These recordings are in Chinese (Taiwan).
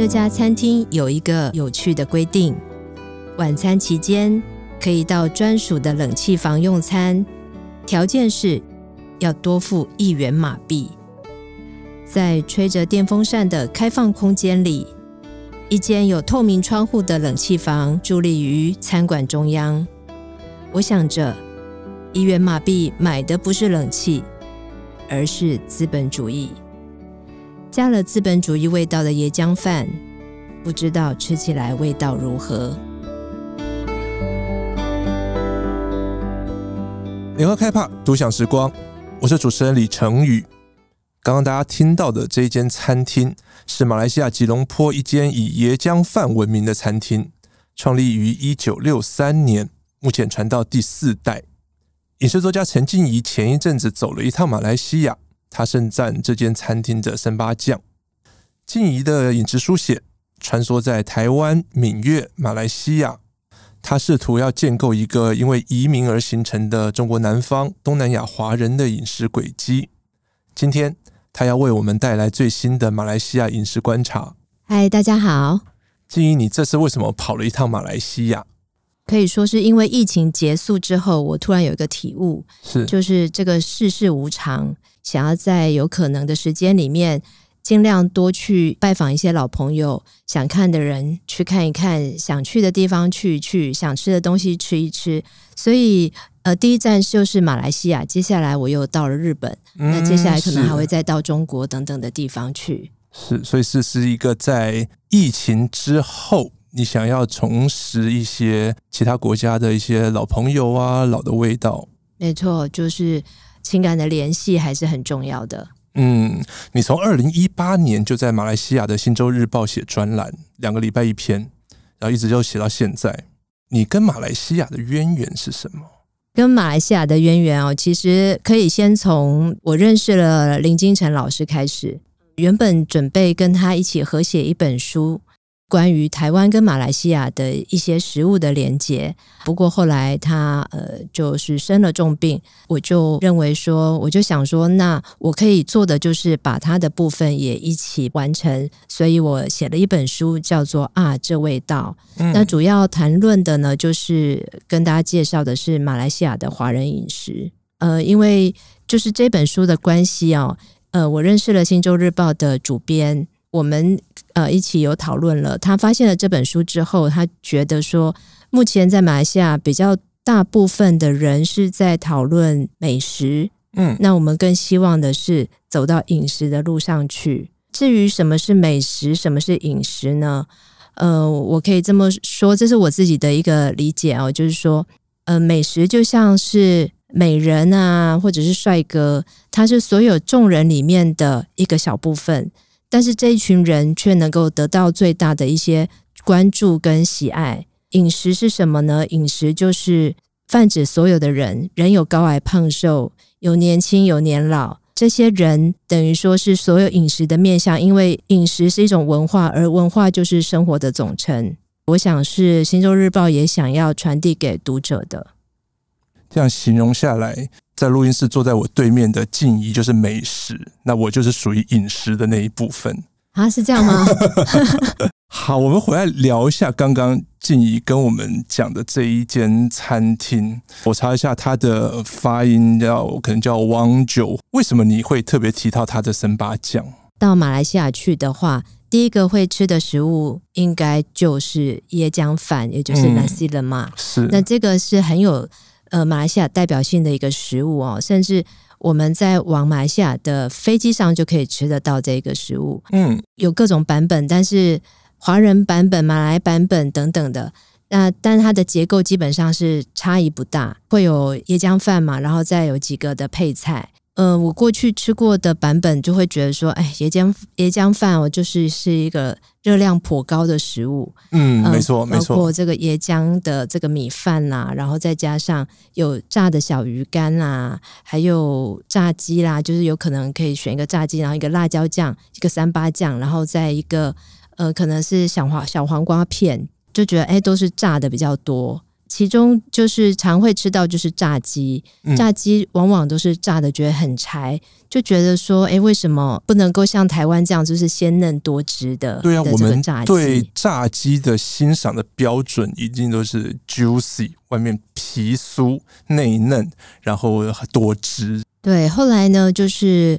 這家餐廳有一個有趣的規定：晚餐期間可以到專屬的冷氣房用餐，條件是要多付一元馬幣。在吹着電風扇的開放空間裡，一間有透明窗戶的冷氣房佇立於餐館中央。我想着，一元馬幣買的不是冷氣，而是資本主義。加了資本主義味道的椰漿飯，不知道吃起來味道如何？聯合開帕讀饗時光，我是主持人李承宇。剛剛大家聽到的這一間餐廳，是馬來西亞吉隆坡一間以椰漿飯聞名的餐廳，創立於一九六三年，目前傳到第四代。飲食作家陳靜宜前一陣子走了一趟馬來西亞。他盛讚這間餐廳的參巴醬。靜宜的飲食書寫穿梭在台灣、閩粵、馬來西亞，他試圖要建構一個因為移民而形成的中國南方東南亞華人的飲食軌跡。今天他要為我們帶來最新的馬來西亞飲食觀察。嗨，大家好，靜宜，你這次為什麼跑了一趟馬來西亞？可以說是因為疫情結束之後，我突然有一個體悟，是就是這個世事無常。想要在有可能的時間裡面，盡量多去拜訪一些老朋友，想看的人去看一看，想去的地方去去，想吃的東西吃一吃。所以，呃，第一站就是馬來西亞，接下來我又到了日本，嗯、那接下來可能還會再到中國等等的地方去。是，是，所以是是一個在疫情之後，你想要重拾一些其他國家的一些老朋友啊，老的味道。沒錯，就是。情感的聯繫還是很重要的。嗯，你從二零一八年就在馬來西亞的星洲日報寫專欄，兩個禮拜一篇，然後一直就寫到現在。你跟馬來西亞的淵源是什麼？跟馬來西亞的淵源哦，其實可以先從我認識了林金城老師開始。原本準備跟他一起合寫一本書。關於台灣跟馬來西亞的一些食物的連接，不過後來他呃就是生了重病，我就認為說，我就想說，那我可以做的就是把他的部分也一起完成，所以我寫了一本書，叫做《啊，這味道》。嗯、那主要談論的呢，就是跟大家介紹的是馬來西亞的華人飲食。呃，因為就是這本書的關係啊、哦，呃，我認識了《星洲日報》的主編。我們呃一起有討論了，他發現了這本書之後，他覺得說，目前在馬來西亞比較大部分的人是在討論美食，嗯，那我們更希望的是走到飲食的路上去。至於什麼是美食，什麼是飲食呢？呃，我可以這麼說，這是我自己的一個理解哦，就是說，呃，美食就像是美人啊，或者是帥哥，他是所有眾人裡面的一個小部分。但是這一群人卻能夠得到最大的一些關注跟喜愛。飲食是什麼呢？飲食就是泛指所有的人，人有高矮胖瘦，有年輕有年老，這些人等於說是所有飲食的面向。因為飲食是一種文化，而文化就是生活的總稱。我想是《星洲日報》也想要傳遞給讀者的。這樣形容下來。在錄音室坐在我對面的靜宜就是美食，那我就是屬於飲食的那一部分啊，是這樣嗎？ 好，我們回來聊一下剛剛靜宜跟我們講的這一間餐廳。我查一下它的發音，叫可能叫王酒。為什麼你會特別提到它的參巴醬？到馬來西亞去的話，第一個會吃的食物應該就是椰漿飯，也就是 nasi lemak 嘛、嗯。是，那這個是很有。呃，馬來西亞代表性的一個食物哦，甚至我們在往馬來西亞的飛機上就可以吃得到這個食物。嗯，有各種版本，但是華人版本，馬來版本等等的，那但它的結構基本上是差異不大，會有椰漿飯嘛，然後再有幾個的配菜。呃，我過去吃過的版本就會覺得說，哎、欸，椰漿椰漿飯，我就是是一個熱量頗高的食物。嗯，呃、沒錯，沒錯。包括這個椰漿的這個米飯啦、啊，然後再加上有炸的小魚乾啦、啊，還有炸雞啦，就是有可能可以選一個炸雞，然後一個辣椒醬，一個三巴醬，然後再一個呃，可能是小黃小黃瓜片，就覺得哎、欸，都是炸的比較多。其中就是常會吃到就是炸雞，炸雞往往都是炸得覺得很柴，嗯、就覺得說，哎，為什麼不能夠像台灣這樣就是鮮嫩多汁的？對啊，炸雞我們對炸雞的欣賞的標準一定都是 juicy，外面皮酥內嫩，然後多汁。對，後來呢，就是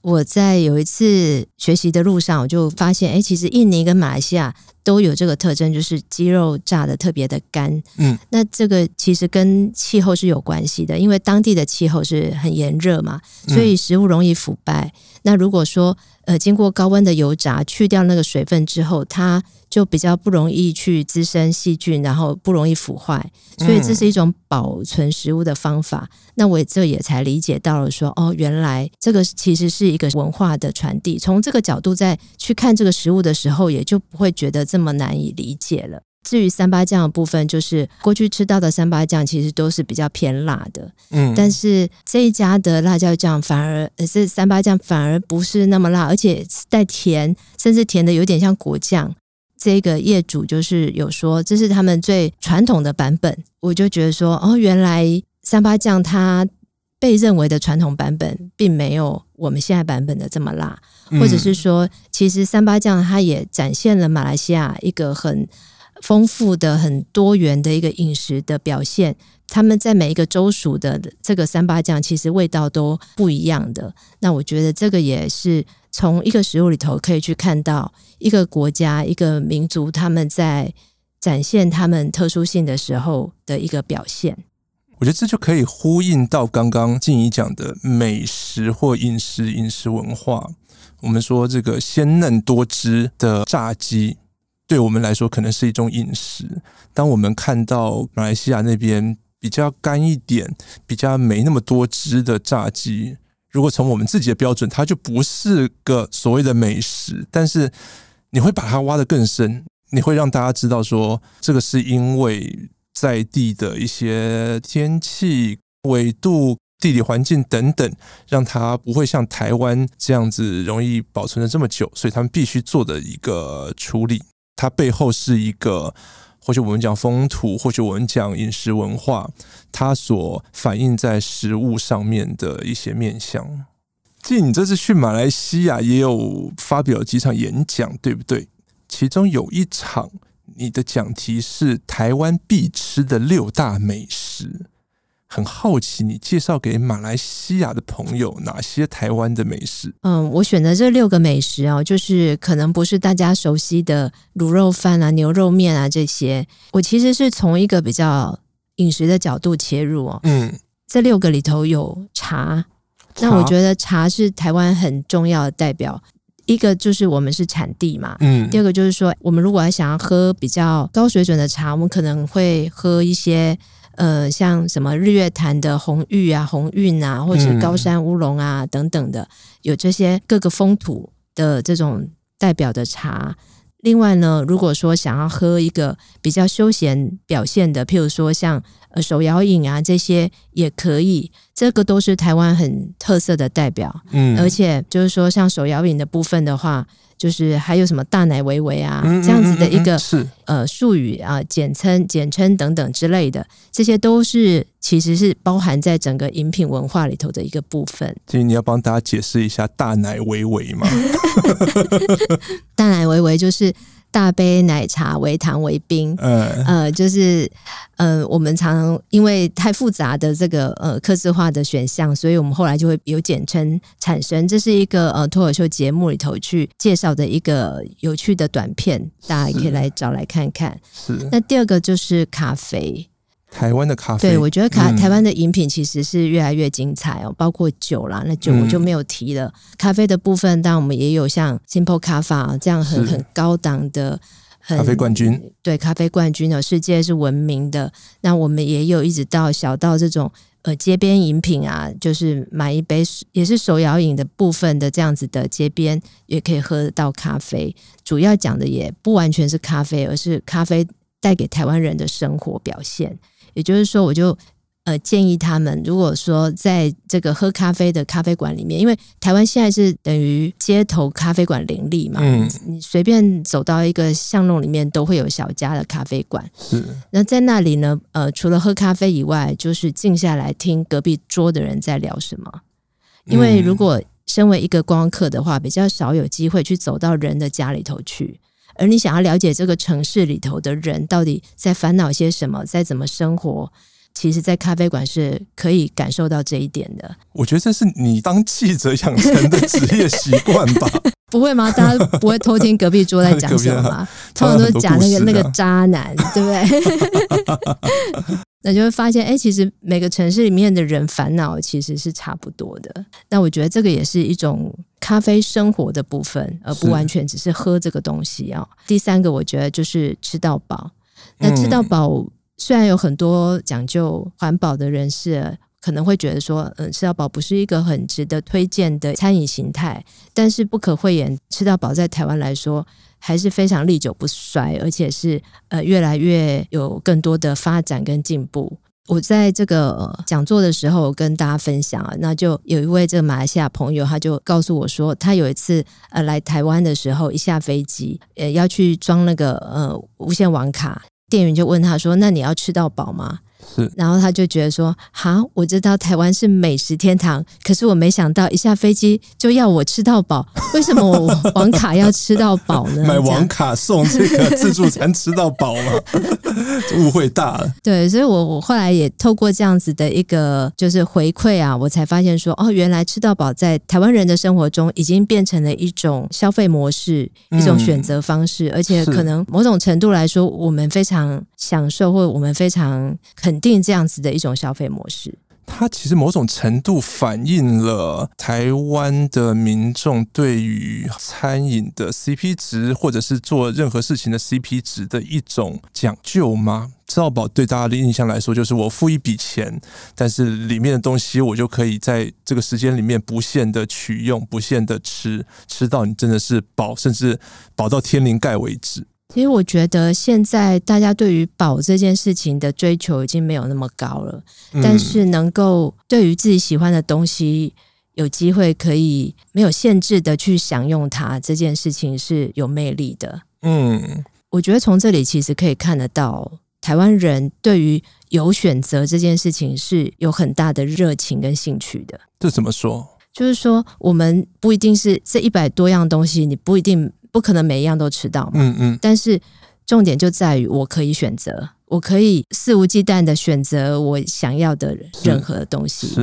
我在有一次學習的路上，我就發現，哎，其實印尼跟馬來西亞。都有這個特徵，就是雞肉炸得特別的乾。嗯，那這個其實跟氣候是有關係的，因為當地的氣候是很炎熱嘛，所以食物容易腐敗。嗯、那如果說呃經過高溫的油炸，去掉那個水分之後，它就比較不容易去滋生細菌，然後不容易腐壞。所以這是一種保存食物的方法。嗯、那我這也才理解到了說哦，原來這個其實是一個文化的傳遞。從這個角度再去看這個食物的時候，也就不會覺得。這麼難以理解了。至於三八醬的部分，就是過去吃到的三八醬其實都是比較偏辣的，嗯，但是這一家的辣椒醬反而，這三八醬反而不是那麼辣，而且帶甜，甚至甜的有點像果醬。這個業主就是有說，這是他們最傳統的版本。我就覺得說，哦，原來三八醬它被認為的傳統版本，並沒有我們現在版本的這麼辣。或者是說，其實參巴醬它也展現了馬來西亞一個很豐富的、很多元的一個飲食的表現。他們在每一個州屬的這個參巴醬，其實味道都不一樣的。那我覺得這個也是從一個食物裡頭可以去看到一個國家、一個民族他們在展現他們特殊性的時候的一個表現。我覺得這就可以呼應到剛剛靜宜講的美食或飲食飲食文化。我們說這個鮮嫩多汁的炸雞，對我們來說可能是一種飲食。當我們看到馬來西亞那邊比較乾一點、比較沒那麼多汁的炸雞，如果從我們自己的標準，它就不是個所謂的美食。但是你會把它挖得更深，你會讓大家知道說，這個是因為。在地的一些天氣、緯度、地理環境等等，讓它不會像台灣這樣子容易保存得這麼久，所以他們必須做的一個處理，它背後是一個，或許我們講風土，或許我們講飲食文化，它所反映在食物上面的一些面向。即你這次去馬來西亞也有發表幾場演講，對不對？其中有一場。你的講題是台灣必吃的六大美食，很好奇你介紹給馬來西亞的朋友哪些台灣的美食？嗯，我選的這六個美食哦，就是可能不是大家熟悉的滷肉飯啊、牛肉麵啊這些。我其實是從一個比較飲食的角度切入哦。嗯，這六個裡頭有茶，茶？那我覺得茶是台灣很重要的代表。一個就是我們是產地嘛，嗯，第二個就是說，我們如果還想要喝比較高水準的茶，我們可能會喝一些，呃，像什麼日月潭的紅玉啊、紅韻啊，或者高山烏龍啊，嗯，等等的，有這些各個風土的這種代表的茶。另外呢，如果說想要喝一個比較休閒表現，的譬如說像呃手搖飲啊這些也可以，這個都是台灣很特色的代表。嗯，而且就是說像手搖飲的部分的話。就是還有什麼大奶維維啊，嗯嗯嗯嗯，這樣子的一個是呃術語啊，簡稱、簡稱等等之類的，這些都是其實是包含在整個飲品文化裡頭的一個部分。所以你要幫大家解釋一下大奶維維嗎？ 大奶維維就是。大杯奶茶為糖為冰，嗯、呃，就是，嗯、呃，我們常，常因為太複雜的這個呃，客製化的選項，所以我們後來就會有簡稱產生。這是一個呃，脫口秀節目裡頭去介紹的一個有趣的短片，是 大家可以來找來看看。是。那第二個就是咖啡。台灣的咖啡，對我覺得台台灣的飲品其實是越來越精彩哦，嗯、包括酒啦，那酒我就沒有提了。嗯、咖啡的部分，當然我們也有像 Simple Cafe 這樣很是很高檔的咖啡冠軍，對咖啡冠軍的世界是聞名的。那我們也有一直到小到這種呃街邊飲品啊，就是買一杯也是手搖飲的部分的這樣子的街邊也可以喝到咖啡。主要講的也不完全是咖啡，而是咖啡帶給台灣人的生活表現。也就是說，我就呃建議他們，如果說在這個喝咖啡的咖啡館裡面，因為台灣現在是等於街頭咖啡館林立嘛，嗯，你隨便走到一個巷弄裡面都會有小家的咖啡館，嗯是，那在那裡呢，呃，除了喝咖啡以外，就是靜下來聽隔壁桌的人在聊什麼，因為如果身為一個光客的話，比較少有機會去走到人的家裡頭去。而你想要了解這個城市裡頭的人到底在煩惱些什麼，在怎麼生活，其實，在咖啡館是可以感受到這一點的。我覺得這是你當記者養成的職業習慣吧？ 不會嗎？大家不會偷聽隔壁桌在講什麼嗎？啊啊、通常都是講那個那個渣男，對不對？ 那就會發現，哎、欸，其實每個城市裡面的人煩惱其實是差不多的。那我覺得這個也是一種咖啡生活的部分，而不完全只是喝這個東西啊。是第三個，我覺得就是吃到飽。那吃到飽雖然有很多講究環保的人士、嗯、可能會覺得說，嗯，吃到飽不是一個很值得推薦的餐飲形態，但是不可諱言，吃到飽在台灣來說。還是非常歷久不衰，而且是呃越來越有更多的發展跟進步。我在這個，呃，講座的時候，我跟大家分享啊，那就有一位這個馬來西亞朋友，他就告訴我說，他有一次呃來台灣的時候，一下飛機，呃要去裝那個呃無線網卡，店員就問他說：“那你要吃到飽嗎？”然後他就覺得說，好，我知道台灣是美食天堂，可是我沒想到一下飛機就要我吃到飽，為什麼我網卡要吃到飽呢？ 買網卡送這個 自助餐吃到飽嗎？誤會大了。對，所以我我後來也透過這樣子的一個就是回饋啊，我才發現說，哦，原來吃到飽在台灣人的生活中已經變成了一種消費模式，嗯、一種選擇方式，而且可能某種程度來說，是我們非常享受，或者我們非常肯定這樣子的一種消費模式，它其實某種程度反映了台灣的民眾對於餐飲的 CP 值，或者是做任何事情的 CP 值的一種講究嗎？吃到飽對大家的印象來說，就是我付一筆錢，但是裡面的東西我就可以在這個時間裡面不限的取用，不限的吃，吃到你真的是飽，甚至飽到天靈蓋為止。其實我覺得現在大家對於飽這件事情的追求已經沒有那麼高了，嗯、但是能夠對於自己喜歡的東西有機會可以沒有限制的去享用它，這件事情是有魅力的。嗯，我覺得從這裡其實可以看得到，台灣人對於有選擇這件事情是有很大的熱情跟興趣的。這怎麼說？就是說，我們不一定是這一百多樣東西，你不一定。不可能每一樣都吃到嘛，嗯嗯。但是重點就在於，我可以選擇，我可以肆無忌憚的選擇我想要的是任何的東西。是，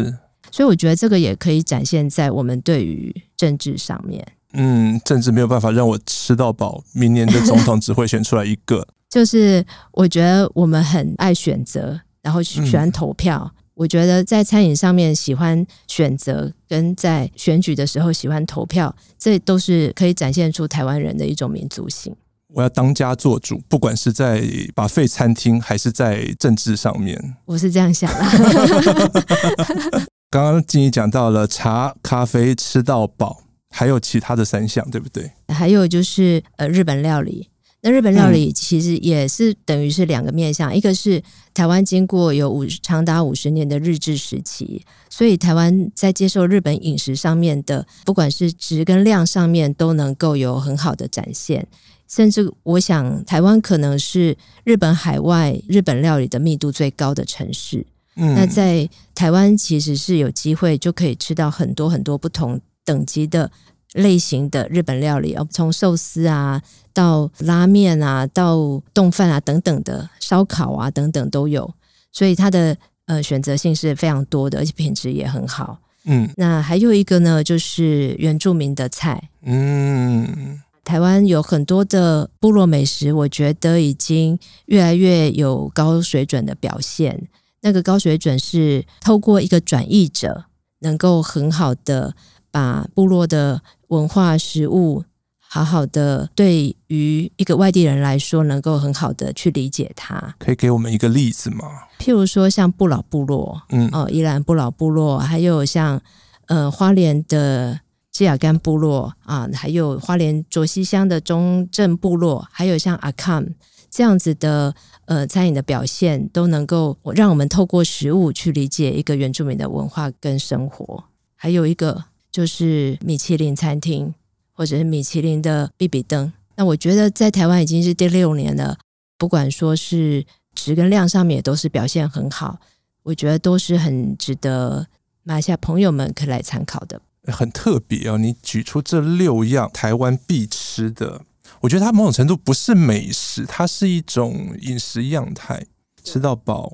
所以我覺得這個也可以展現在我們對於政治上面。嗯，政治沒有辦法讓我吃到飽，明年的總統只會選出來一個。 就是我覺得我們很愛選擇，然後喜歡投票。嗯我覺得在餐飲上面喜歡選擇，跟在選舉的時候喜歡投票，這都是可以展現出台灣人的一種民族性。我要當家做主，不管是在 buffet 餐廳，還是在政治上面，我是這樣想的。 剛剛靜宜講到了茶、咖啡吃到飽，還有其他的三項，對不對？還有就是呃，日本料理。那日本料理其實也是等於是兩個面向，嗯、一個是台灣經過有五十長達五十年的日治時期，所以台灣在接受日本飲食上面的，不管是質跟量上面都能夠有很好的展現，甚至我想台灣可能是日本海外日本料理的密度最高的城市。嗯，那在台灣其實是有機會就可以吃到很多很多不同等級的，類型的日本料理，哦，從壽司啊，到拉麵啊，到丼飯啊等等的，燒烤啊等等都有，所以它的呃選擇性是非常多的，而且品質也很好。嗯，那還有一個呢，就是原住民的菜。嗯，台灣有很多的部落美食，我覺得已經越來越有高水準的表現。那個高水準是透過一個轉譯者，能夠很好的。把部落的文化食物好好的，對於一個外地人來說，能夠很好的去理解它。可以給我們一個例子嗎？譬如說，像不老部落，嗯，哦，宜蘭不老部落，還有像呃花蓮的基爾干部落啊，還有花蓮卓溪鄉的中正部落，還有像阿康這樣子的呃餐飲的表現，都能夠讓我們透過食物去理解一個原住民的文化跟生活。還有一個。就是米其林餐廳，或者是米其林的必比登，那我覺得在台灣已經是第六年了。不管說是質跟量上面，也都是表現很好。我覺得都是很值得馬來西亞朋友們可以來參考的。很特別哦，你舉出這六樣台灣必吃的，我覺得它某種程度不是美食，它是一種飲食樣態，對吃到飽，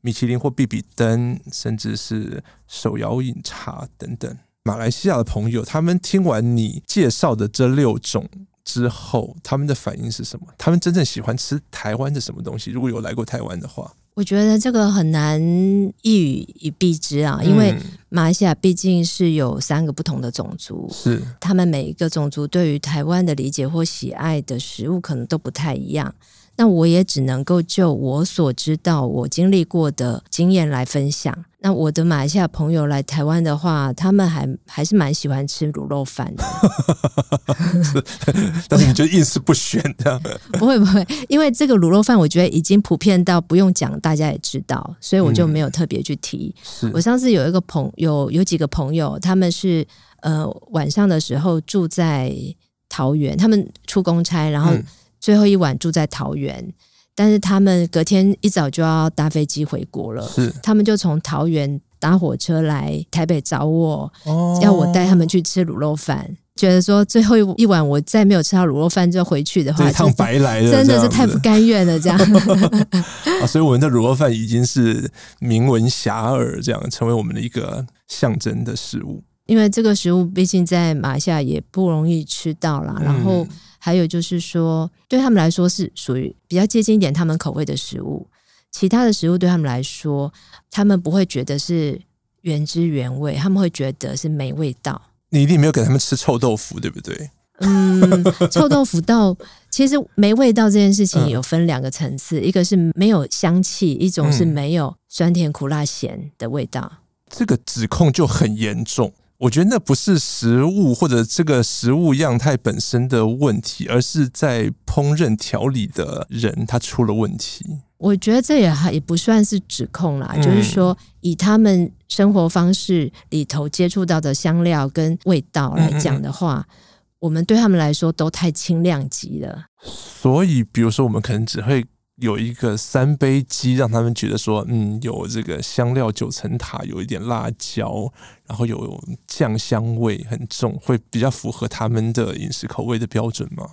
米其林或必比登，甚至是手搖飲茶等等。馬來西亞的朋友，他們聽完你介紹的這六種之後，他們的反應是什麼？他們真正喜歡吃台灣的什麼東西？如果有來過台灣的話，我覺得這個很難一語以蔽之啊，嗯，因為馬來西亞畢竟是有三個不同的種族，是他們每一個種族對於台灣的理解或喜愛的食物，可能都不太一樣。那我也只能夠就我所知道、我經歷過的經驗來分享。那我的馬來西亞朋友來台灣的話，他們還還是蠻喜歡吃滷肉飯的 但是你就是硬是不選的？ 不會不會，因為這個滷肉飯，我覺得已經普遍到不用講，大家也知道，所以我就沒有特別去提。嗯、我上次有一個朋友，有有幾個朋友，他們是呃晚上的時候住在桃園，他們出公差，然後最後一晚住在桃園。嗯但是他們隔天一早就要搭飛機回國了，是他們就從桃園搭火車來台北找我，要我帶他們去吃滷肉飯，哦、覺得說最後一一晚我再沒有吃到滷肉飯就回去的話，一趟白來了，真的是太不甘願了，這樣。 啊，所以我們的滷肉飯已經是名聞遐邇，這樣成為我們的一個象徵的食物。因為這個食物畢竟在馬來西亞也不容易吃到啦，嗯、然後。還有就是說，對他們來說是屬於比較接近一點他們口味的食物，其他的食物對他們來說，他們不會覺得是原汁原味，他們會覺得是沒味道。你一定沒有給他們吃臭豆腐，對不對？嗯，臭豆腐到其實沒味道這件事情有分兩個層次，嗯，一個是沒有香氣，一種是沒有酸甜苦辣鹹的味道。嗯，這個指控就很嚴重。我覺得那不是食物或者這個食物樣態本身的問題，而是在烹飪調理的人他出了問題。我覺得這也還也不算是指控啦，嗯、就是說以他們生活方式裡頭接觸到的香料跟味道來講的話，嗯嗯我們對他們來說都太輕量級了。所以，比如說，我們可能只會。有一個三杯雞，讓他們覺得說，嗯，有這個香料九層塔，有一點辣椒，然後有醬香味很重，會比較符合他們的飲食口味的標準嗎？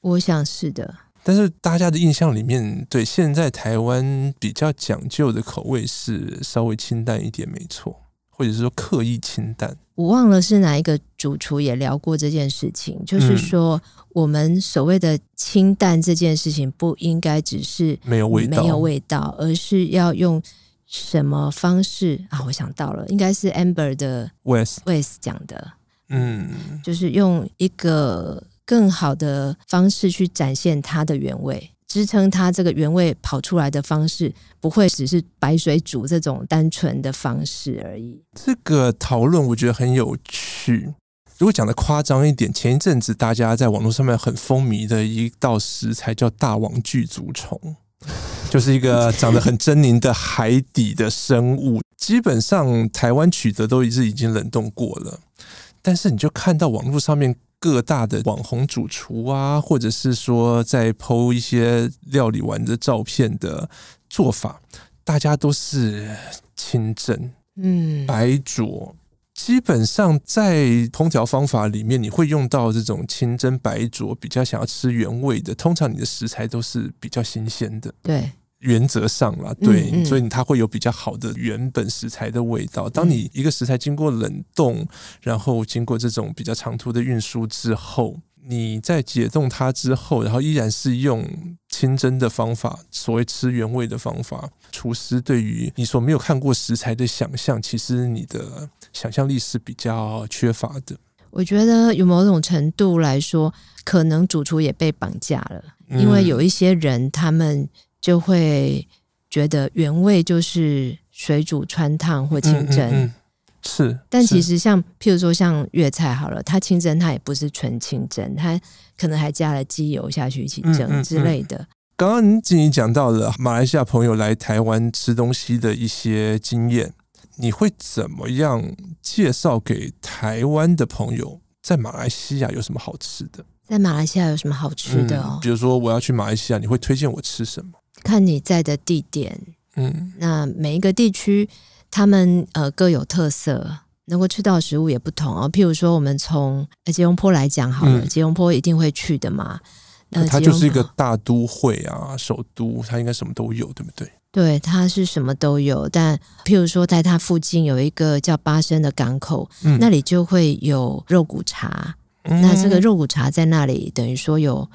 我想是的。但是大家的印象裡面，對現在台灣比較講究的口味是稍微清淡一點，沒錯，或者是說刻意清淡。我忘了是哪一個主廚也聊過這件事情，嗯，就是說我們所謂的清淡這件事情，不應該只是沒有味道，沒有味道，而是要用什麼方式啊？我想到了，應該是 Amber 的 Wes Wes 講的，嗯，就是用一個更好的方式去展現它的原味。支撐它這個原味跑出來的方式，不會只是白水煮這種單純的方式而已。這個討論我覺得很有趣。如果講得誇張一點，前一陣子大家在網絡上面很風靡的一道食材叫大王具足蟲， 就是一個長得很猙獰的海底的生物。 基本上台灣取得都已經冷凍過了，但是你就看到網絡上面。各大的網紅主廚啊，或者是說在 PO 一些料理完的照片的做法，大家都是清蒸，嗯，白灼，基本上在烹調方法裡面，你會用到這種清蒸白灼。比較想要吃原味的，通常你的食材都是比較新鮮的。對。原則上啦，對，嗯嗯，所以它會有比較好的原本食材的味道。當你一個食材經過冷凍，嗯、然後經過這種比較長途的運輸之後，你再解凍它之後，然後依然是用清蒸的方法，所謂吃原味的方法，廚師對於你所沒有看過食材的想象，其實你的想象力是比較缺乏的。我覺得有某種程度來說，可能主廚也被綁架了，嗯、因為有一些人他們。就會覺得原味就是水煮、汆燙或清蒸，嗯嗯嗯、是。但其實像是譬如說像粵菜好了，它清蒸它也不是純清蒸，它可能還加了雞油下去一起蒸之類的。嗯嗯嗯、剛剛你已經講到了馬來西亞朋友來台灣吃東西的一些經驗，你會怎麼樣介紹給台灣的朋友？在馬來西亞有什麼好吃的？在馬來西亞有什麼好吃的、嗯？比如說我要去馬來西亞，你會推薦我吃什麼？看你在的地點，嗯，那每一個地區，他們呃各有特色，能夠吃到的食物也不同哦。譬如說，我們從、欸、吉隆坡來講好了，嗯、吉隆坡一定會去的嘛。那、嗯呃、它就是一個大都會啊，首都，它應該什麼都有，對不對？對，它是什麼都有。但譬如說，在它附近有一個叫巴生的港口，嗯、那裡就會有肉骨茶。嗯、那這個肉骨茶在那裡，等於說有。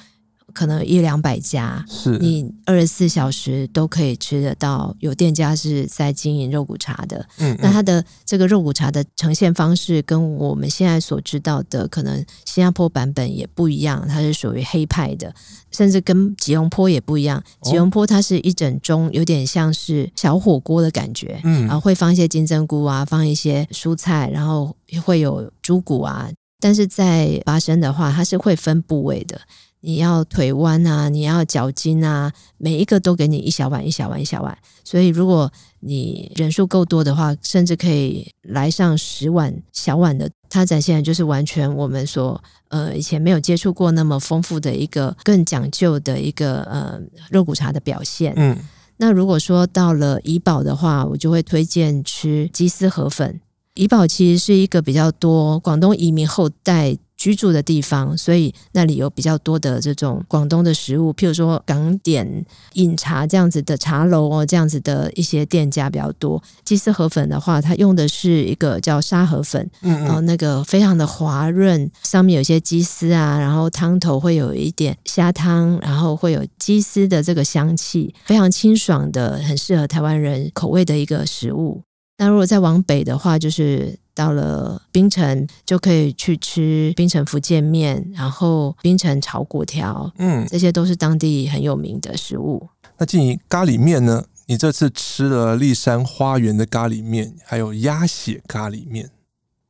可能一兩百家，是你二十四小時都可以吃得到。有店家是在經營肉骨茶的，嗯,嗯，那它的這個肉骨茶的呈現方式跟我們現在所知道的，可能新加坡版本也不一樣，它是屬於黑派的，甚至跟吉隆坡也不一樣。哦、吉隆坡它是一整盅，有點像是小火鍋的感覺，嗯，然後、啊、會放一些金針菇啊，放一些蔬菜，然後會有豬骨啊。但是在巴生的話，它是會分部位的。你要腿彎啊，你要腳筋啊，每一個都給你一小碗一小碗一小碗。所以，如果你人數夠多的話，甚至可以來上十碗小碗的。它展現的就是完全我們所呃以前沒有接觸過那麼豐富的一個更講究的一個呃肉骨茶的表現。嗯，那如果說到了怡保的話，我就會推薦吃雞絲河粉。怡保其實是一個比較多廣東移民後代。居住的地方，所以那裡有比較多的這種廣東的食物，譬如說港點飲茶這樣子的茶樓哦，這樣子的一些店家比較多。雞絲河粉的話，它用的是一個叫沙河粉，嗯，嗯，然後那個非常的滑潤，上面有一些雞絲啊，然後湯頭會有一點蝦湯，然後會有雞絲的這個香氣，非常清爽的，很適合台灣人口味的一個食物。那如果再往北的話，就是到了檳城，就可以去吃檳城福建麵，然後檳城炒粿條，嗯，這些都是當地很有名的食物。嗯、那至於咖喱麵呢？你這次吃了驪山花園的咖喱麵，還有鴨血咖喱麵。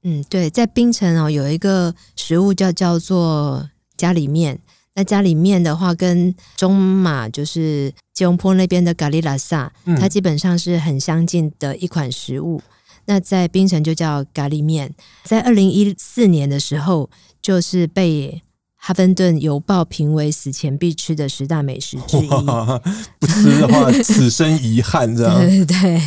嗯，對，在檳城哦，有一個食物叫叫做咖喱麵。那家裡面的話，跟中馬就是吉隆坡那邊的咖喱叻沙，它基本上是很相近的一款食物。那在檳城就叫咖喱麵。在二零一四年的時候，就是被《哈芬頓郵報》評為死前必吃的十大美食之一。不吃的話， 此生遺憾，這樣。對對對，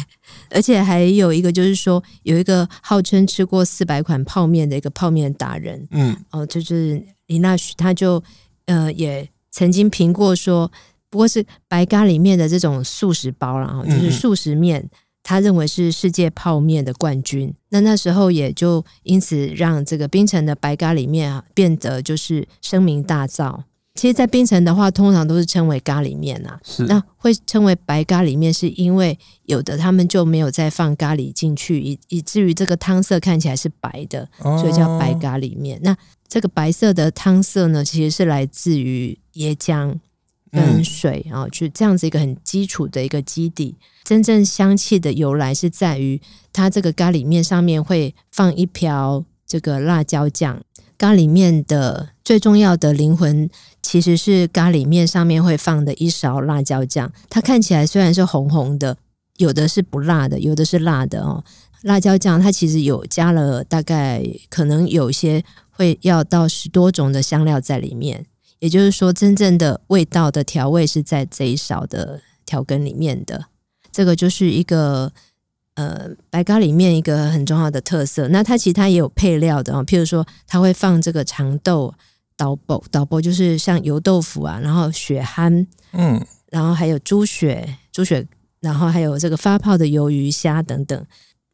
而且還有一個就是說，有一個號稱吃過四百款泡面的一個泡面達人，嗯，哦，就是李納斯，他就。呃，也曾經評過說，不過是白咖哩麵的這種速食包啦，就是速食麵，嗯、哼他認為是世界泡面的冠軍。那那時候也就因此讓這個檳城的白咖喱麵，啊、變得就是聲名大噪，其實，在檳城的話，通常都是稱為咖喱麵啊，是那會稱為白咖喱麵，是因為有的他們就沒有再放咖喱進去，以以至於這個湯色看起來是白的，嗯、所以叫白咖喱麵。那這個白色的湯色呢，其實是來自於椰漿跟、嗯嗯、水啊，就這樣子一個很基礎的一個基底。真正香氣的由來是在於它這個咖喱面上面會放一瓢這個辣椒醬。咖喱面的最重要的靈魂其實是咖喱面上面會放的一勺辣椒醬。它看起來雖然是紅紅的，有的是不辣的，有的是辣的哦。辣椒醬它其實有加了，大概可能有些會要到十多種的香料在裡面，也就是說，真正的味道的調味是在這一勺的調羹裡面的。這個就是一個呃白咖哩麵一個很重要的特色。那它其實它也有配料的啊，譬如說，它會放這個長豆、豆卜、豆卜就是像油豆腐啊，然後血蚶，嗯，然後還有豬血、豬血，然後還有這個發泡的魷魚、蝦等等。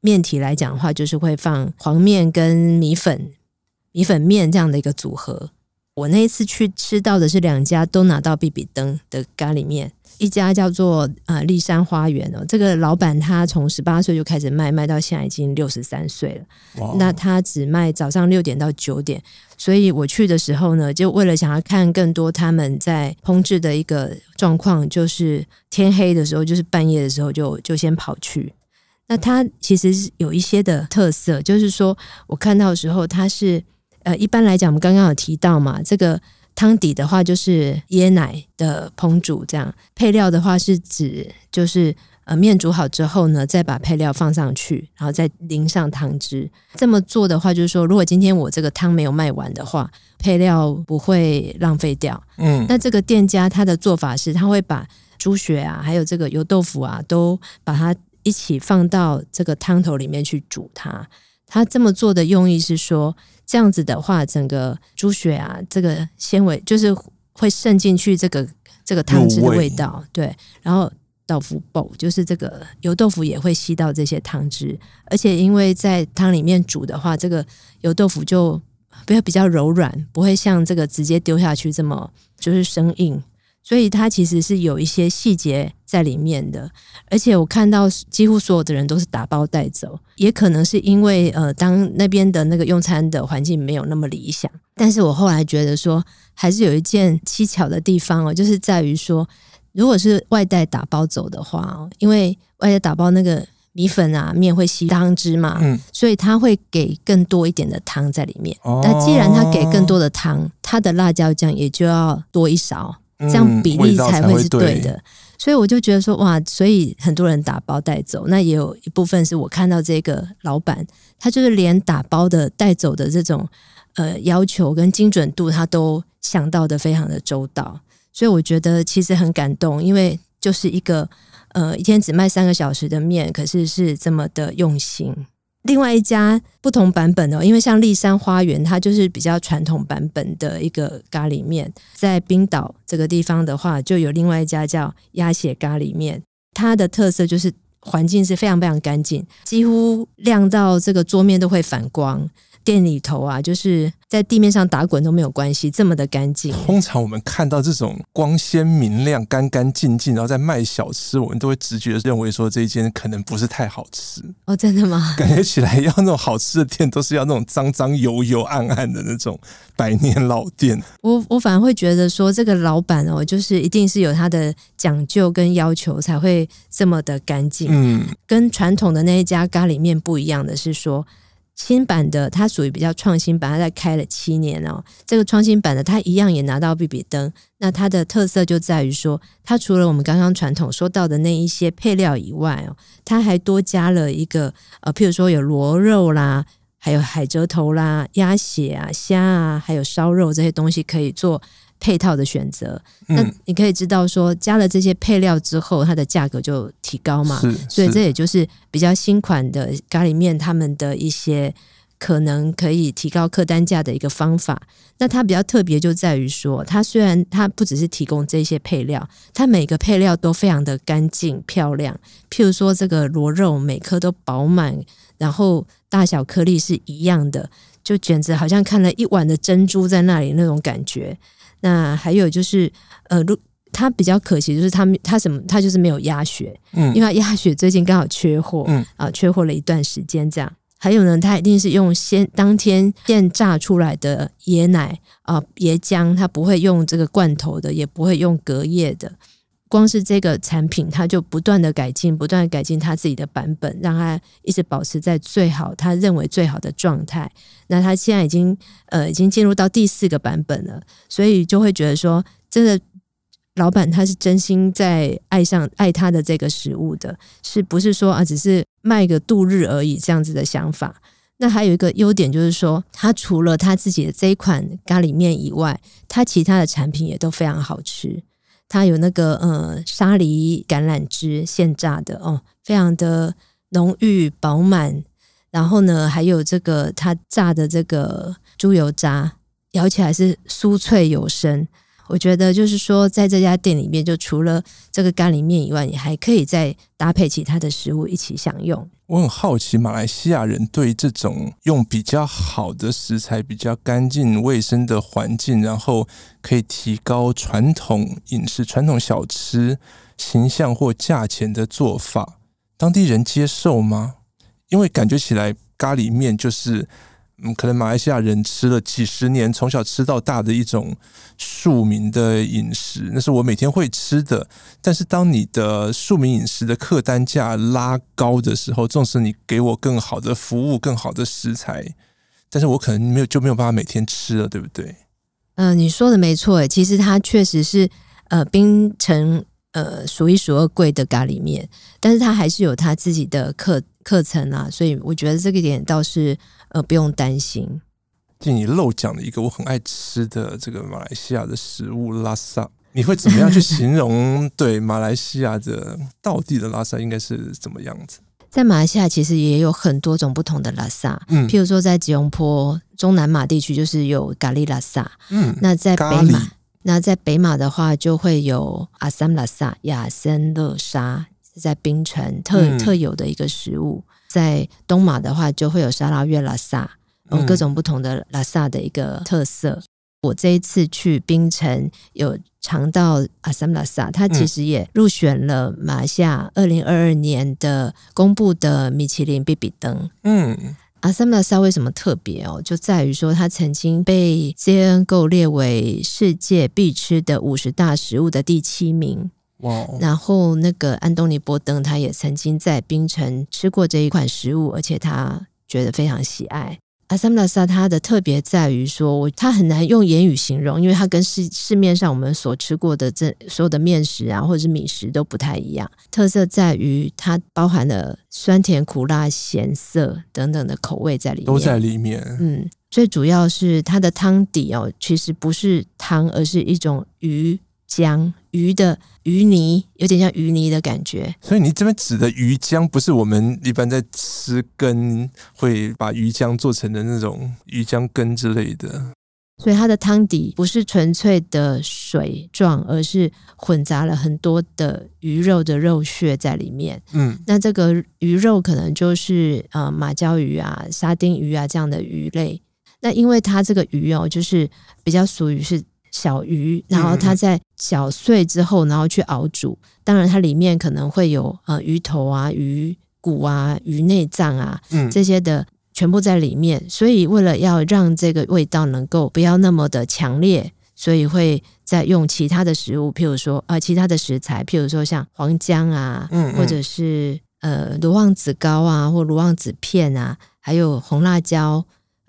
麵體來講的話，就是會放黃麵跟米粉，米粉麵這樣的一個組合。我那一次去吃到的是兩家都拿到比比登的咖喱麵，一家叫做啊，麗山花園哦。這個老闆他從十八歲就開始賣，賣到現在已經六十三歲了。Wow. 那他只賣早上六點到九點，所以我去的時候呢，就為了想要看更多他們在烹制的一個狀況，就是天黑的時候，就是半夜的時候就，就就先跑去。那它其實是有一些的特色，就是說，我看到的時候，它是呃，一般來講，我們剛剛有提到嘛，這個湯底的話就是椰奶的烹煮，這樣配料的話是指就是呃，麵煮好之後呢，再把配料放上去，然後再淋上湯汁。這麼做的話，就是說，如果今天我這個湯沒有賣完的話，配料不會浪費掉。嗯，那這個店家他的做法是，他會把豬血啊，還有這個油豆腐啊，都把它。一起放到這個湯頭裡面去煮它。它這麼做的用意是說，這樣子的話，整個豬血啊，這個纖維就是會滲進去這個這個湯汁的味道。入味。對，然後豆腐煲就是這個油豆腐也會吸到這些湯汁，而且因為在湯裡面煮的話，這個油豆腐就比較比較柔軟，不會像這個直接丟下去這麼就是生硬。所以它其實是有一些細節在裡面的，而且我看到幾乎所有的人都是打包帶走，也可能是因為呃，當那邊的那個用餐的環境沒有那麼理想。但是我後來覺得說，還是有一件蹊蹺的地方哦，就是在於說，如果是外帶打包走的話，因為外帶打包那個米粉啊麵會吸湯汁嘛，嗯，所以他會給更多一點的湯在裡面。那、哦、既然他給更多的湯，他的辣椒醬也就要多一勺。這樣比例才會是對的，嗯、對，所以我就覺得說哇，所以很多人打包帶走，那也有一部分是我看到這個老闆，他就是連打包的帶走的這種呃要求跟精準度，他都想到的非常的周到，所以我覺得其實很感動，因為就是一個呃一天只賣三個小時的麵，可是是這麼的用心。另外一家不同版本哦，因為像立山花園，它就是比較傳統版本的一個咖喱麵。在檳島這個地方的話，就有另外一家叫鴨血咖喱麵，它的特色就是環境是非常非常乾淨，幾乎亮到這個桌面都會反光。店裡頭啊，就是在地面上打滾都沒有關係，這麼的乾淨。通常我們看到這種光鮮明亮、乾乾淨淨，然後在賣小吃，我們都會直覺認為說這一間可能不是太好吃。哦，真的嗎？感覺起來要那種好吃的店，都是要那種髒髒油油、暗暗的那種百年老店。 我我反而會覺得說，這個老闆哦，就是一定是有他的講究跟要求，才會這麼的乾淨。嗯，跟傳統的那一家咖喱麵不一樣的是說。新版的它屬於比較創新版，它在開了七年哦。這個創新版的它一樣也拿到必比登，那它的特色就在於說，它除了我們剛剛傳統說到的那一些配料以外哦，它還多加了一個呃，譬如說有螺肉啦，還有海蜇頭啦、鴨血啊、蝦啊，還有燒肉這些東西可以做。配套的選擇，那你可以知道說，加了這些配料之後，它的價格就提高嘛。是，所以這也就是比較新款的咖喱麵，他們的一些可能可以提高客單價的一個方法。那它比較特別就在於說，它雖然它不只是提供這些配料，它每個配料都非常的乾淨漂亮。譬如說這個螺肉，每顆都飽滿，然後大小顆粒是一樣的，就簡直好像看了一碗的珍珠在那裡那種感覺。那還有就是，呃，它比較可惜就是它，他們他什麼，他就是沒有鴨血，嗯，因為鴨血最近剛好缺貨，啊，嗯，呃，缺貨了一段時間這樣。還有呢，他一定是用鮮當天現榨出來的椰奶，啊，呃，椰漿，他不會用這個罐頭的，也不會用隔夜的。光是這個產品，他就不斷的改進，不斷改進他自己的版本，讓他一直保持在最好，他認為最好的狀態。那他現在已經呃，已經進入到第四個版本了，所以就會覺得說，真的老闆他是真心在愛上愛他的這個食物的，是不是說啊，只是賣個度日而已這樣子的想法？那還有一個優點就是說，他除了他自己的這一款咖喱麵以外，他其他的產品也都非常好吃。它有那個呃沙梨橄欖汁現榨的哦，非常的濃郁飽滿。然後呢，還有這個它炸的這個豬油渣，咬起來是酥脆有聲。我覺得就是說，在這家店裡面，就除了這個咖喱面以外，你還可以再搭配其他的食物一起享用。我很好奇，馬來西亞人對這種用比較好的食材，比較乾淨衛生的環境，然後可以提高傳統飲食、傳統小吃形象或價錢的做法，當地人接受嗎？因為感覺起來咖喱麵就是。可能馬來西亞人吃了幾十年，從小吃到大的一種庶民的飲食，那是我每天會吃的。但是，當你的庶民飲食的客單價拉高的時候，縱使你給我更好的服務、更好的食材，但是我可能沒有就沒有辦法每天吃了，對不對？嗯、呃，你說的沒錯。其實它確實是呃，檳城呃數一數二貴的咖喱麵，但是它還是有它自己的課課程啊。所以，我覺得這個點倒是。呃，不用擔心。就你漏講了一個我很愛吃的這個馬來西亞的食物——叻沙，你會怎麼樣去形容 對馬來西亞的道地的叻沙應該是怎麼樣子？在馬來西亞其實也有很多種不同的叻沙，嗯，譬如說在吉隆坡、中南馬地區就是有咖喱叻沙，嗯，那在北馬，喱那在北馬的話就會有阿三叻沙、亞森叻沙，在檳城特特有的一個食物。嗯在東馬的話，就會有砂拉越叻沙，有、哦、各種不同的叻沙的一個特色。嗯、我這一次去檳城，有嘗到阿森叻沙，它其實也入選了馬來西亞二零二二年的公布的米其林必比登。嗯，阿、啊、森叻沙為什麼特別哦？就在於說，它曾經被 C N G o 列為世界必吃的五十大食物的第七名。然後，那個安東尼·波登他也曾經在檳城吃過這一款食物，而且他覺得非常喜愛。阿薩姆叻沙它的特別在於說，它很難用言語形容，因為它跟市市面上我們所吃過的這所有的麵食啊，或者是米食都不太一樣。特色在於它包含了酸甜苦辣鹹澀等等的口味在裡面，都在裡面。嗯，最主要是它的湯底哦，其實不是湯，而是一種魚。姜魚的魚泥，有點像魚泥的感覺，所以你這邊指的魚漿不是我們一般在吃羹會把魚漿做成的那種魚漿羹之類的。所以它的湯底不是純粹的水狀，而是混雜了很多的魚肉的肉屑在裡面。嗯，那這個魚肉可能就是呃馬鮫魚啊、沙丁魚啊，這樣的魚類。那因為它這個魚哦，就是比較屬於是。小魚，然後它在絞碎之後，然後去熬煮。嗯、當然，它裡面可能會有呃魚頭啊、魚骨啊、魚內臟啊，嗯、這些的全部在裡面。所以，為了要讓這個味道能夠不要那麼的強烈，所以會再用其他的食物，譬如說呃其他的食材，譬如說像黃薑啊，嗯嗯、或者是呃羅望子糕啊，或羅望子片啊，還有紅辣椒。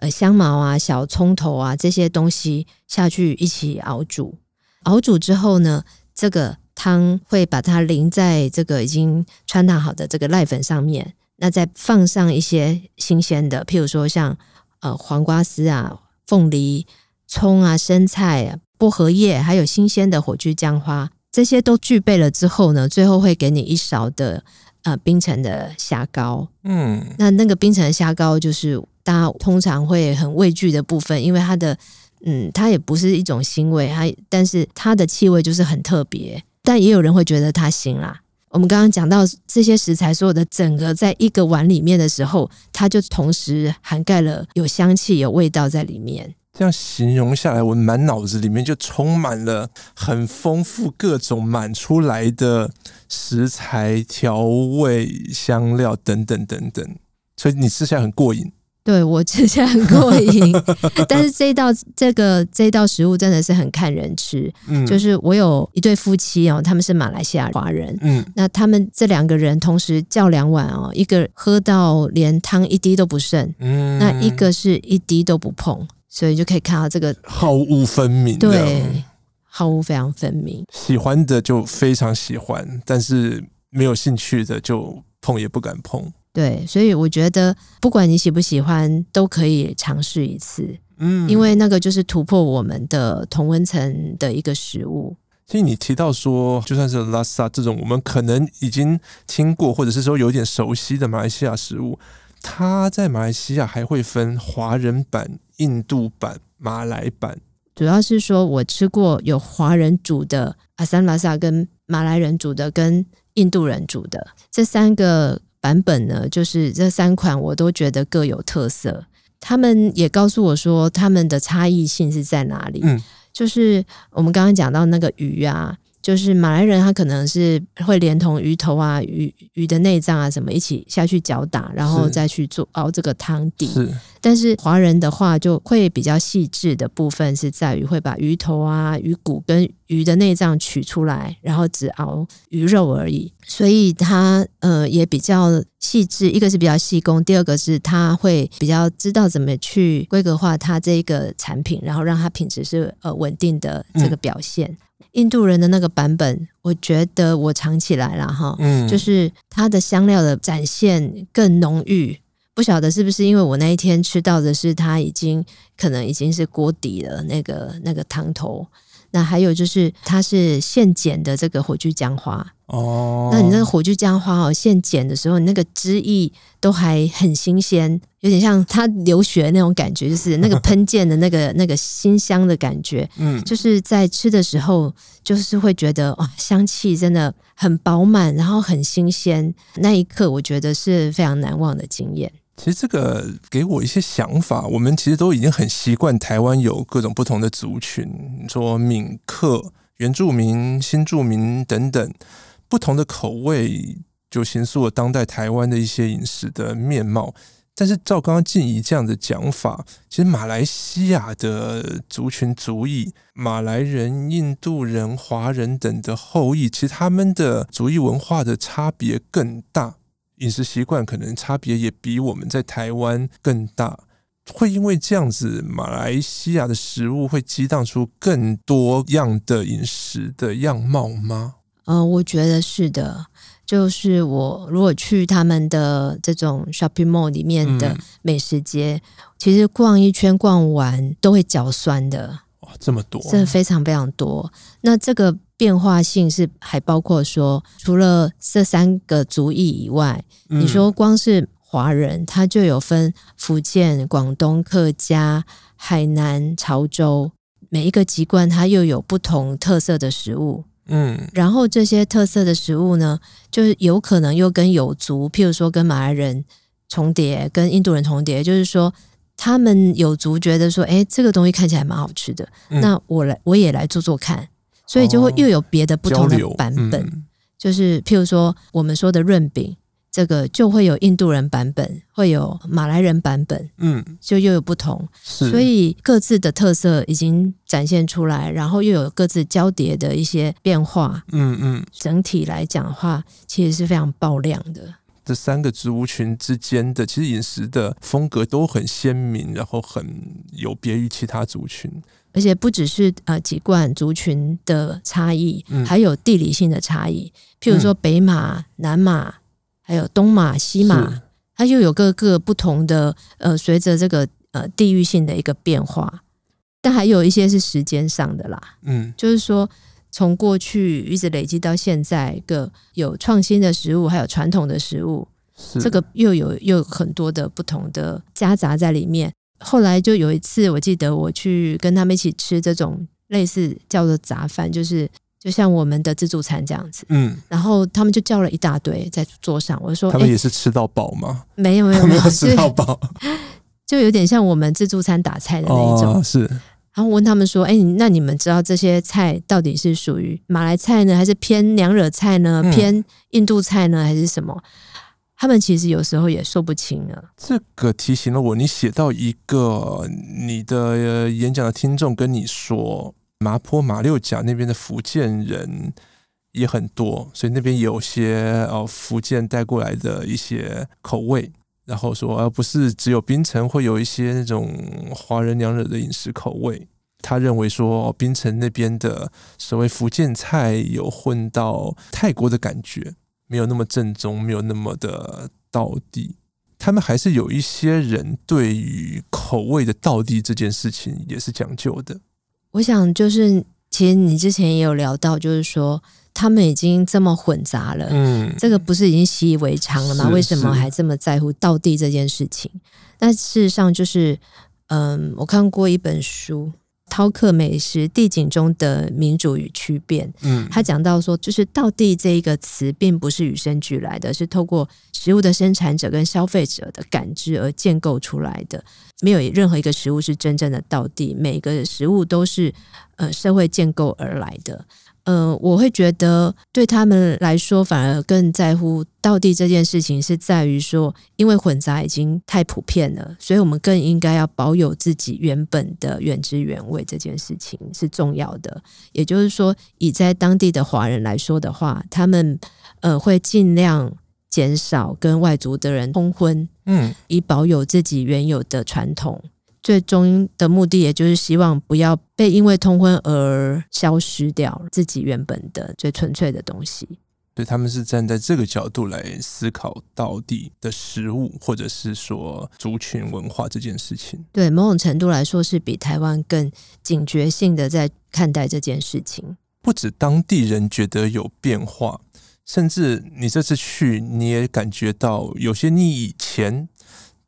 香茅啊，小蔥頭啊，這些東西下去一起熬煮，熬煮之後呢，這個湯會把它淋在這個已經川燙好的這個瀨粉上面，那再放上一些新鮮的，譬如說像呃黃瓜絲啊、鳳梨、蔥啊、生菜、薄荷葉，還有新鮮的火炬薑花，這些都具備了之後呢，最後會給你一勺的呃檳城的蝦膏，嗯，那那個檳城的蝦膏就是。大家通常會很畏懼的部分，因為它的，嗯，它也不是一種腥味，它但是它的氣味就是很特別，但也有人會覺得它腥啦、啊。我們剛剛講到這些食材，所有的整個在一個碗裡面的時候，它就同時涵蓋了有香氣、有味道在裡面。這樣形容下來，我滿腦子裡面就充滿了很豐富各種滿出來的食材、調味、香料等等等等，所以你吃起來很過癮。對，我吃起來很過癮， 但是這一道這個這一道食物真的是很看人吃。嗯，就是我有一對夫妻哦，他們是馬來西亞華人，嗯，那他們這兩個人同時叫兩碗哦，一個喝到連湯一滴都不剩，嗯，那一個是一滴都不碰，所以就可以看到這個好惡分明，對，好惡非常分明。喜歡的就非常喜歡，但是沒有興趣的就碰也不敢碰。對，所以我覺得不管你喜不喜歡，都可以嘗試一次，嗯，因為那個就是突破我們的同溫層的一個食物。其實你提到說，就算是叻沙這種我們可能已經聽過，或者是說有點熟悉的馬來西亞食物，它在馬來西亞還會分華人版、印度版、馬來版。主要是說我吃過有華人煮的阿三叻沙跟馬來人煮的，跟印度人煮的這三個。版本呢，就是這三款我都覺得各有特色。他們也告訴我說，他們的差異性是在哪裡。嗯，就是我們剛剛講到那個魚啊。就是馬來人他可能是會連同魚頭啊、魚魚的內臟啊什麼一起下去攪打，然後再去做熬這個湯底。是，是。但是華人的話就會比較細緻的部分是在於會把魚頭啊、魚骨跟魚的內臟取出來，然後只熬魚肉而已。所以它呃也比較細緻，一個是比較細工，第二個是它會比較知道怎麼去規格化它這一個產品，然後讓它品質是呃穩定的這個表現。嗯印度人的那個版本，我覺得我嘗起來了哈，嗯，就是它的香料的展現更濃郁，不曉得是不是因為我那一天吃到的是它已經可能已經是鍋底了那個那個湯頭。那還有就是，它是現剪的這個火炬薑花哦。Oh. 那你那個火炬薑花哦，現剪的時候，你那個汁液都還很新鮮，有點像它流血那種感覺，就是那個噴濺的那個 那個辛香的感覺。嗯，就是在吃的時候，就是會覺得哇，香氣真的很飽滿，然後很新鮮，那一刻我覺得是非常難忘的經驗。其實這個給我一些想法。我們其實都已經很習慣台灣有各種不同的族群，說閩客、原住民、新住民等等不同的口味，就形塑了當代台灣的一些飲食的面貌。但是照剛剛靜宜這樣的講法，其實馬來西亞的族群族裔、馬來人、印度人、華人等的後裔，其實他們的族裔文化的差別更大。飲食習慣可能差別也比我們在台灣更大，會因為這樣子，馬來西亞的食物會激盪出更多樣的飲食的樣貌嗎？嗯、呃，我覺得是的，就是我如果去他們的這種 shopping mall 裡面的美食街，嗯、其實逛一圈逛完都會腳痠的。哇、哦，這麼多，真的非常非常多。那這個。變化性是還包括說，除了這三個族裔以外，嗯、你說光是華人，他就有分福建、廣東、客家、海南、潮州，每一個籍貫，他又有不同特色的食物。嗯，然後這些特色的食物呢，就是有可能又跟友族，譬如說跟馬來人重疊，跟印度人重疊，就是說他們友族覺得說，哎、欸，這個東西看起來還蠻好吃的，嗯、那我來我也來做做看。所以就會又有別的不同的版本，嗯、就是譬如說我們說的潤餅，這個就會有印度人版本，會有馬來人版本，嗯，就又有不同，是 所以各自的特色已經展現出來，然後又有各自交疊的一些變化，嗯嗯，整體來講的話，其實是非常爆量的。這三個族群之間的其實飲食的風格都很鮮明，然後很有別於其他族群。而且不只是呃籍貫族群的差異，嗯、還有地理性的差異。譬如說北馬、嗯、南馬，還有東馬、西馬，是它又有各個不同的呃，隨着這個呃地域性的一個變化。但還有一些是時間上的啦，嗯，就是說從過去一直累積到現在，各有創新的食物，還有傳統的食物，是這個又有又有很多的不同的夾雜在裡面。後來就有一次，我記得我去跟他們一起吃這種類似叫做雜飯，就是就像我們的自助餐這樣子。嗯，然後他們就叫了一大堆在桌上。我說他們也是吃到飽嗎？沒有沒有沒有，他沒有吃到飽就，就有點像我們自助餐打菜的那一種、哦。是，然後我問他們說：“哎，那你們知道這些菜到底是屬於馬來菜呢，還是偏娘惹菜呢？嗯、偏印度菜呢，還是什麼？”他們其實有時候也說不清了、啊。這個提醒了我，你寫到一個你的演講的聽眾跟你說，麻坡馬六甲那邊的福建人也很多，所以那邊有些哦福建帶過來的一些口味。然後說，而不是只有檳城會有一些那種華人娘惹的飲食口味。他認為說，哦、檳城那邊的所謂福建菜有混到泰國的感覺，沒有那麼正宗，沒有那麼的道地。他們還是有一些人對於口味的道地這件事情也是講究的。我想，就是其實你之前也有聊到，就是說他們已經這麼混雜了，嗯，這個不是已經習以為常了嗎？為什麼還這麼在乎道地這件事情？但事實上，就是嗯、呃，我看過一本書。饕客美食地景中的民主與區辨，嗯，他講到說，就是“道地”這一個詞，並不是與生俱來的，是透過食物的生產者跟消費者的感知而建構出來的。沒有任何一個食物是真正的“道地”，每個食物都是呃社會建構而來的。呃，我會覺得對他們來說，反而更在乎道地這件事情是在於說，因為混雜已經太普遍了，所以我們更應該要保有自己原本的原汁原味這件事情是重要的，也就是說，以在當地的華人來說的話，他們呃會盡量減少跟外族的人通婚，嗯，以保有自己原有的傳統。最終的目的，也就是希望不要被因為通婚而消失掉自己原本的最純粹的東西。對，他們是站在這個角度來思考到底的食物，或者是說族群文化這件事情。對，某種程度來說，是比台灣更警覺性的在看待這件事情。不止當地人覺得有變化，甚至你這次去，你也感覺到有些你以前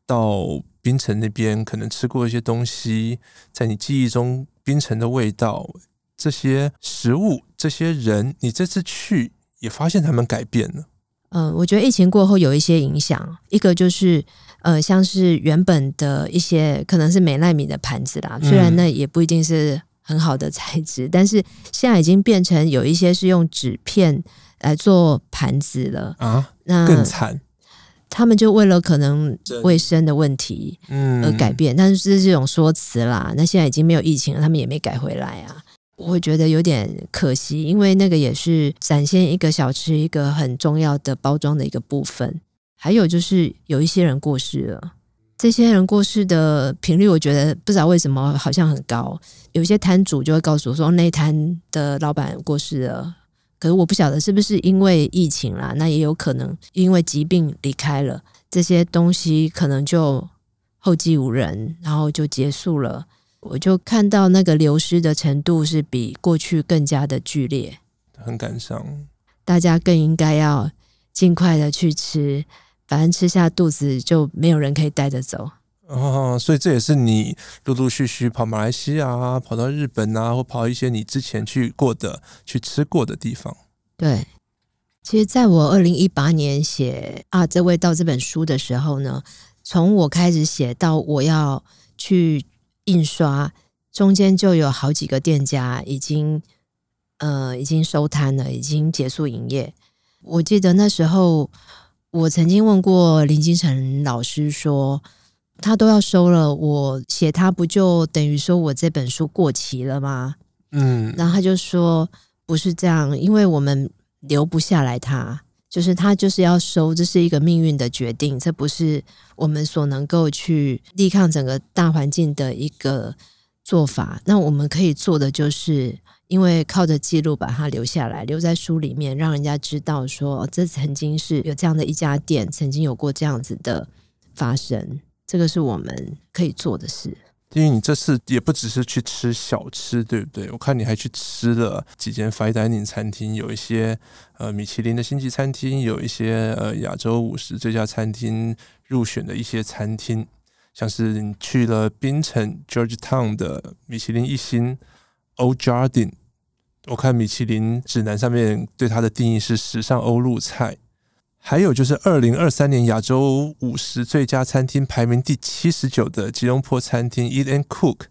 到。檳城那邊可能吃過一些東西，在你記憶中檳城的味道，這些食物，這些人，你這次去也發現他們改變了。嗯、呃，我覺得疫情過後有一些影響，一個就是呃，像是原本的一些可能是美耐皿的盤子啦，嗯、雖然那也不一定是很好的材質，但是現在已經變成有一些是用紙片來做盤子了啊，那更慘。他們就為了可能衛生的問題，嗯，而改變，但是這是一種說辭啦。那現在已經沒有疫情了，他們也沒改回來啊。我會覺得有點可惜，因為那個也是展現一個小吃一個很重要的包裝的一個部分。還有就是有一些人過世了，這些人過世的頻率，我覺得不知道為什麼好像很高。有些攤主就會告訴我說，那攤的老板過世了。可是我不曉得是不是因為疫情啦，那也有可能因為疾病離開了，這些東西可能就後繼無人，然後就結束了。我就看到那個流失的程度是比過去更加的劇烈，很感傷。大家更應該要儘快的去吃，反正吃下肚子就沒有人可以帶着走。啊、哦，所以這也是你陸陸續續跑馬來西亞、啊、跑到日本啊，或跑一些你之前去過的、去吃過的地方。對，其實在我二零一八年寫啊這味道這本書的時候呢，從我開始寫到我要去印刷，中間就有好幾個店家已經呃已經收攤了，已經結束營業。我記得那時候我曾經問過林金城老師說。他都要收了我，我寫他不就等於說我這本書過期了嗎？嗯，然後他就說不是這樣，因為我們留不下來他，他就是他就是要收，這是一個命運的決定，這不是我們所能夠去抵抗整個大環境的一個做法。那我們可以做的就是，因為靠着記錄把它留下來，留在書裡面，讓人家知道說，哦，這曾經是有這樣的一家店，曾經有過這樣子的發生。這個是我們可以做的事。因為你這次也不只是去吃小吃，對不對？我看你還去吃了幾間 fine dining 餐廳，有一些呃米其林的星級餐廳，有一些呃亞洲五十最佳餐廳入選的一些餐廳，像是你去了檳城 George Town 的米其林一星 Old Jardin，我看米其林指南上面對它的定義是時尚歐陸菜。還有就是，二零二三年亞洲五十最佳餐廳排名第七十九的吉隆坡餐廳 Eat and Cook，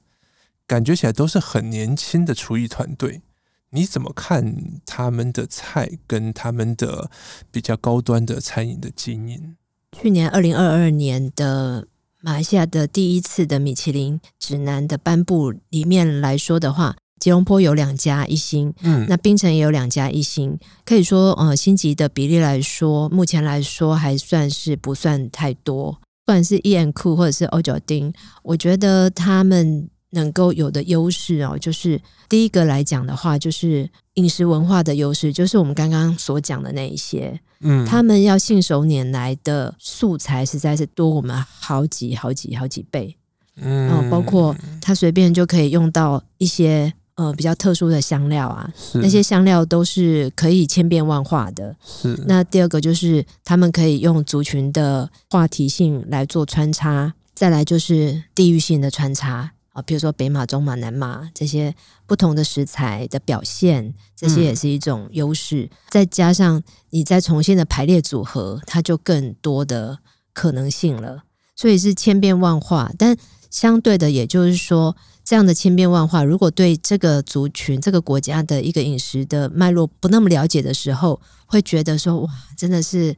感覺起來都是很年輕的廚藝團隊。你怎麼看他們的菜跟他們的比較高端的餐飲的經營，去年二零二二年的馬來西亞的第一次的米其林指南的頒布裡面來說的話。吉隆坡有兩家一星，嗯，那檳城也有兩家一星，可以說，呃，星級的比例來說，目前來說還算是不算太多。不管是伊恩庫或者是歐角丁，in, 我覺得他們能夠有的優勢哦，就是第一個來講的話，就是飲食文化的優勢，就是我們剛剛所講的那一些，嗯，他們要信手拈來的素材實在是多我們好幾好幾好幾倍，嗯、呃，包括他隨便就可以用到一些。呃，比較特殊的香料啊，是那些香料都是可以千變萬化的。是。那第二個就是他們可以用族群的話題性來做穿插，再來就是地域性的穿插啊，呃、比如說北馬、中馬、南馬這些不同的食材的表現，這些也是一種優勢。嗯、再加上你再重新的排列組合，它就更多的可能性了，所以是千變萬化。但相對的，也就是說。這樣的千變萬化，如果對這個族群、這個國家的一個飲食的脈絡不那麼了解的時候，會覺得說哇，真的是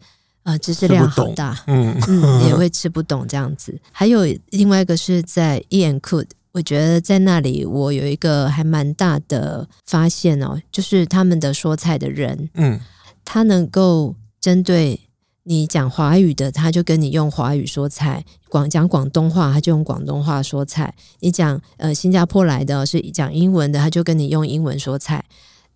啊、呃，知識量好大，嗯嗯，也會吃不懂這樣子。 還有另外一個是在 Eat and Cook，我覺得在那裡我有一個還蠻大的發現哦，就是他們的說菜的人，嗯，他能夠針對。你講華語的，他就跟你用華語說菜；廣講廣東話，他就用廣東話說菜。你講呃新加坡來的，是講英文的，他就跟你用英文說菜。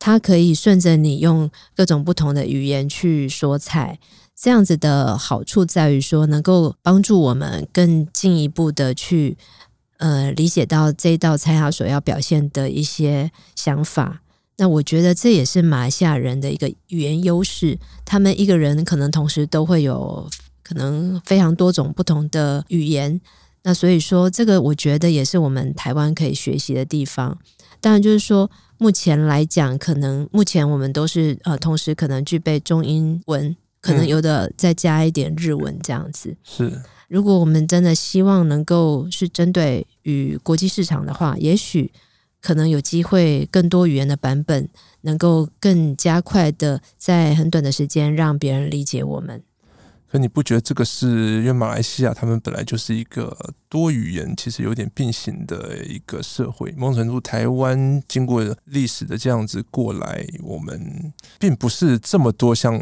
他可以順着你用各種不同的語言去說菜。這樣子的好處在於說，能夠幫助我們更進一步的去呃理解到這道菜它所要表現的一些想法。那我覺得這也是馬來西亞人的一個語言優勢，他們一個人可能同時都會有可能非常多種不同的語言。那所以說，這個我覺得也是我們台灣可以學習的地方。當然，就是說目前來講，可能目前我們都是呃，同時可能具備中英文，可能有的再加一點日文這樣子。嗯，是，如果我們真的希望能夠是針對於國際市場的話，也許。可能有機會，更多語言的版本能夠更加快的在很短的時間讓別人理解我們。可你不覺得這個是因為馬來西亞他們本來就是一個多語言，其實有點並行的一個社會？某種程度，台灣經過歷史的這樣子過來，我們並不是這麼多像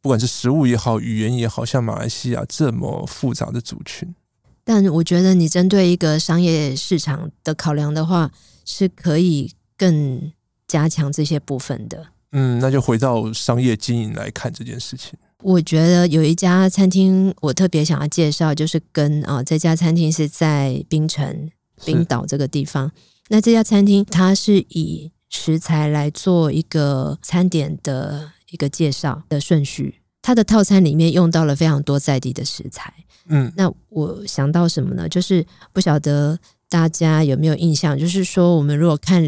不管是食物也好，語言也好，像馬來西亞這麼複雜的族群。但我覺得，你針對一個商業市場的考量的話，是可以更加強這些部分的。嗯，那就回到商業經營來看這件事情。我覺得有一家餐廳我特別想要介紹，就是跟啊、哦，這家餐廳是在檳城檳島這個地方。是那這家餐廳它是以食材來做一個餐點的一個介紹的順序，它的套餐裡面用到了非常多在地的食材。嗯，那我想到什麼呢？就是不曉得大家有沒有印象，就是說我們如果看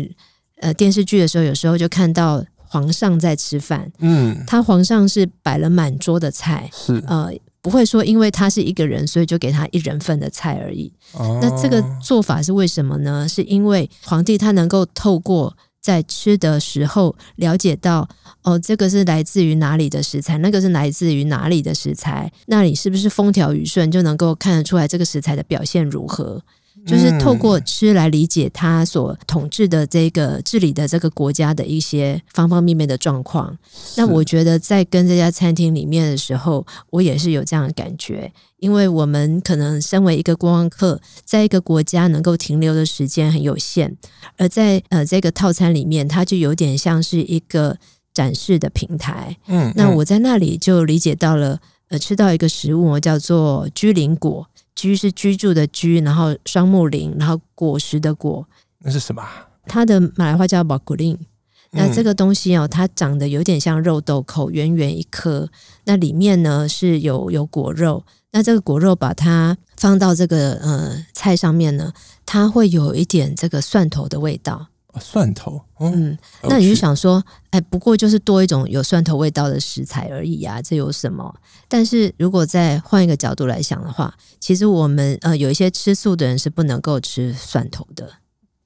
呃電視劇的時候，有時候就看到皇上在吃飯，嗯，他皇上是擺了滿桌的菜，是呃不會說因為他是一個人，所以就給他一人份的菜而已。哦。那這個做法是為什麼呢？是因為皇帝他能夠透過。在吃的時候了解到，哦，這個是來自於哪裡的食材，那個是來自於哪裡的食材，那裡是不是風調雨順，就能夠看得出來這個食材的表現如何？就是透過吃來理解他所統治的這個治理的這個國家的一些方方面面的狀況。那我覺得在跟這家餐廳裡面的時候，我也是有這樣的感覺，因為我們可能身為一個觀光客，在一個國家能夠停留的時間很有限，而在呃這個套餐裡面，它就有點像是一個展示的平台。嗯，嗯，那我在那裡就理解到了，呃，吃到一個食物叫做居林果。居是居住的居，然後雙木林，然後果實的果，那是什麼？它的馬來話叫巴古林。那這個東西哦，嗯、它長得有點像肉豆蔻，圓圓一顆，那裡面呢是有有果肉。那這個果肉把它放到這個呃菜上面呢，它會有一點這個蒜頭的味道。蒜頭，嗯，嗯，那你就想說，哎 Okay，不過就是多一種有蒜頭味道的食材而已啊，這有什麼？但是如果再換一個角度來想的話，其實我們呃有一些吃素的人是不能夠吃蒜頭的，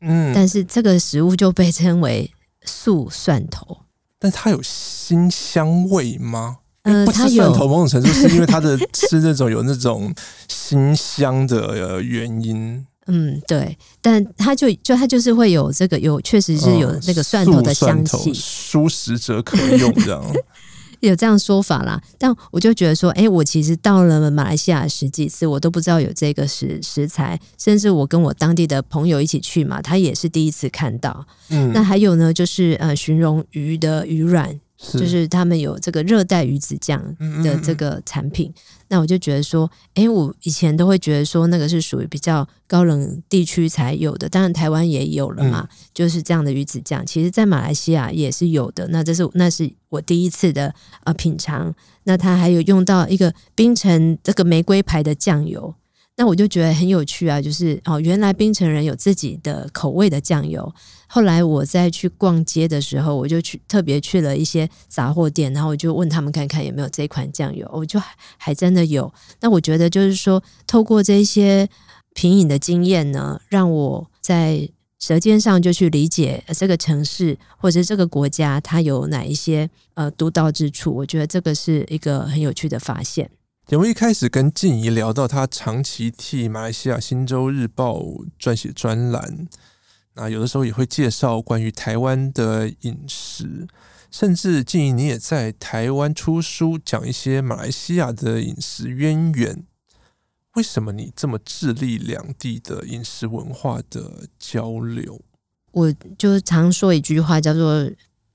嗯，但是這個食物就被稱為素蒜頭，但它有辛香味嗎？呃，不吃蒜頭某種程度它有 是因為它的 吃這種有那種辛香的、呃、原因。嗯，對，但他就就他就是會有這個有確實是有那個蒜頭的香氣，頭，素食者可用這樣 有這樣說法啦。但我就覺得說，哎、欸，我其實到了馬來西亞十幾次，我都不知道有這個食食材，甚至我跟我當地的朋友一起去嘛，他也是第一次看到。嗯，那還有呢，就是呃，形容魚的魚卵。就是他們有這個熱帶魚子醬的這個產品，嗯嗯嗯，那我就覺得說，誒、欸，我以前都會覺得說那個是屬於比較高冷地區才有的，當然台灣也有了嘛，就是這樣的魚子醬，嗯、其實在馬來西亞也是有的。那這是那是我第一次的啊、呃、品嘗，那他還有用到一個檳城這個玫瑰牌的醬油。那我就覺得很有趣啊，就是哦，原來檳城人有自己的口味的醬油。後來我再去逛街的時候，我就去特別去了一些雜貨店，然後我就問他們看看有沒有這款醬油，我就還,還真的有。那我覺得就是說，透過這些品飲的經驗呢，讓我在舌尖上就去理解這個城市或者這個國家它有哪一些呃獨到之處。我覺得這個是一個很有趣的發現。節目一開始跟靜宜聊到，她長期替馬來西亞星洲日報撰寫專欄，那有的時候也會介紹關於台灣的飲食，甚至靜宜你也在台灣出書，講一些馬來西亞的飲食淵源。為什麼你這麼致力兩地的飲食文化的交流？我就常說一句話，叫做，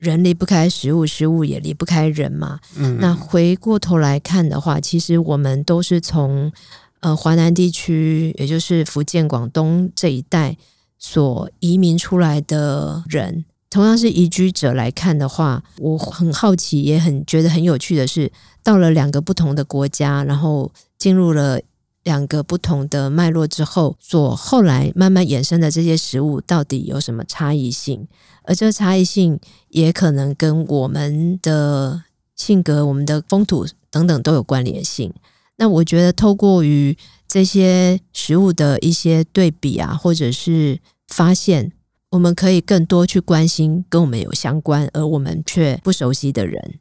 人離不開食物，食物也離不開人嘛。嗯。那回過頭來看的話，其實我們都是從呃華南地區，也就是福建、廣東這一帶所移民出來的人，同樣是移居者來看的話，我很好奇，也很覺得很有趣的是，到了兩個不同的國家，然後進入了，兩個不同的脈絡之後，所後來慢慢衍生的這些食物，到底有什麼差異性？而這差異性也可能跟我們的性格、我們的風土等等都有關聯性。那我覺得，透過於這些食物的一些對比啊，或者是發現，我們可以更多去關心跟我們有相關而我們卻不熟悉的人。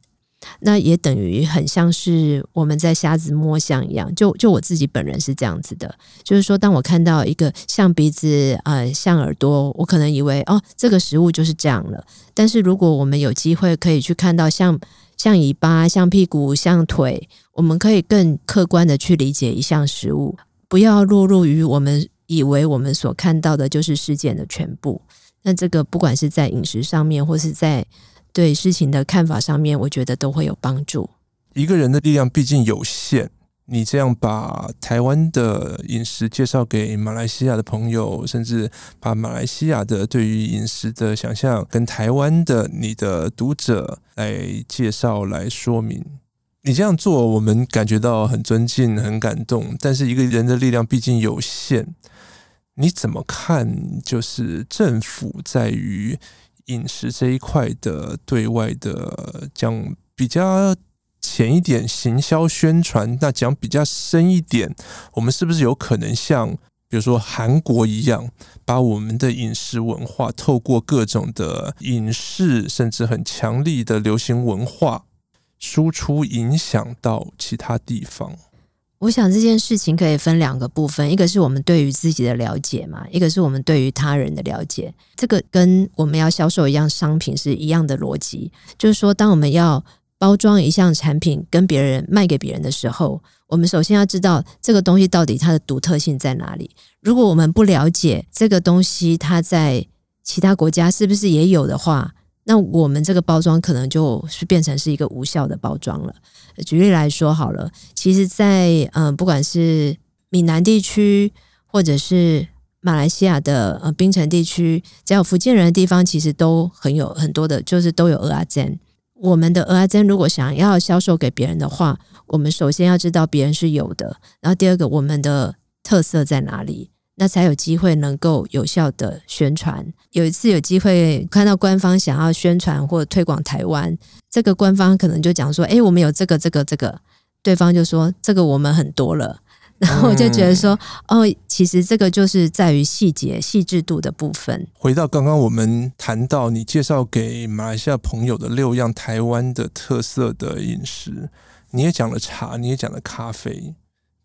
那也等於很像是我們在瞎子摸象一樣，就就我自己本人是這樣子的，就是說，當我看到一個象鼻子、呃象耳朵，我可能以為哦這個食物就是這樣了。但是如果我們有機會可以去看到像像尾巴、像屁股、像腿，我們可以更客觀的去理解一項食物，不要落入於我們以為我們所看到的就是事件的全部。那這個不管是在飲食上面，或是在對事情的看法上面，我覺得都會有幫助。一個人的力量畢竟有限，你這樣把台灣的飲食介紹給馬來西亞的朋友，甚至把馬來西亞的對於飲食的想象跟台灣的你的讀者來介紹、來說明，你這樣做，我們感覺到很尊敬、很感動。但是一個人的力量畢竟有限，你怎麼看？就是政府在於。飲食這一塊的對外的講比較淺一點，行銷宣傳；那講比較深一點，我們是不是有可能像比如說韓國一樣，把我們的飲食文化透過各種的影視，甚至很強力的流行文化輸出，影響到其他地方？我想這件事情可以分兩個部分，一個是我們對於自己的了解嘛，一個是我們對於他人的了解。這個跟我們要銷售一樣商品是一樣的邏輯，就是說，當我們要包裝一項產品跟別人賣給別人的時候，我們首先要知道這個東西到底它的獨特性在哪裡。如果我們不了解這個東西，它在其他國家是不是也有的話。那我們這個包裝可能就是變成是一個無效的包裝了。舉例來說好了，其實在，在、呃、嗯，不管是閩南地區，或者是馬來西亞的呃檳城地區，只要福建人的地方，其實都很有很多的，就是都有阿珍。我們的阿珍如果想要銷售給別人的話，我們首先要知道別人是有的，然後第二個我們的特色在哪裡？那才有機會能夠有效的宣傳。有一次有機會看到官方想要宣傳或推廣台灣，這個官方可能就講說：“哎、欸，我們有這個、這個、這個。”對方就說：“這個我們很多了。”然後我就覺得說：“嗯、哦，其實這個就是在於細節、細致度的部分。”回到剛剛我們談到你介紹給馬來西亞朋友的六樣台灣的特色的飲食，你也講了茶，你也講了咖啡，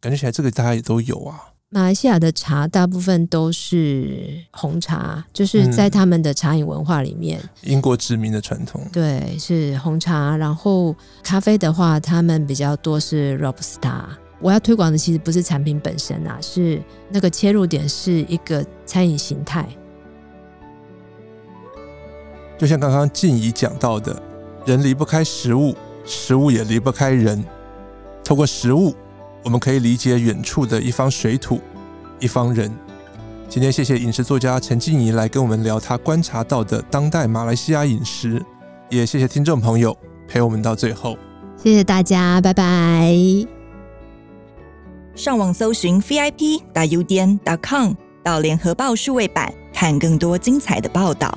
感覺起來這個大家也都有啊。馬來西亞的茶大部分都是紅茶，就是在他們的茶飲文化裡面，嗯、英國殖民的傳統，對，是紅茶。然後咖啡的話，他們比較多是 Robusta。我要推廣的其實不是產品本身啊，是那個切入點是一個餐飲形態。就像剛剛靜宜講到的，人離不開食物，食物也離不開人，透過食物。我們可以理解遠處的一方水土，一方人。今天謝謝飲食作家陳靜宜來跟我們聊她觀察到的當代馬來西亞飲食，也謝謝聽眾朋友陪我們到最後。謝謝大家，拜拜。上網搜尋 vip.udn.com 到聯合報數位版，看更多精彩的報道。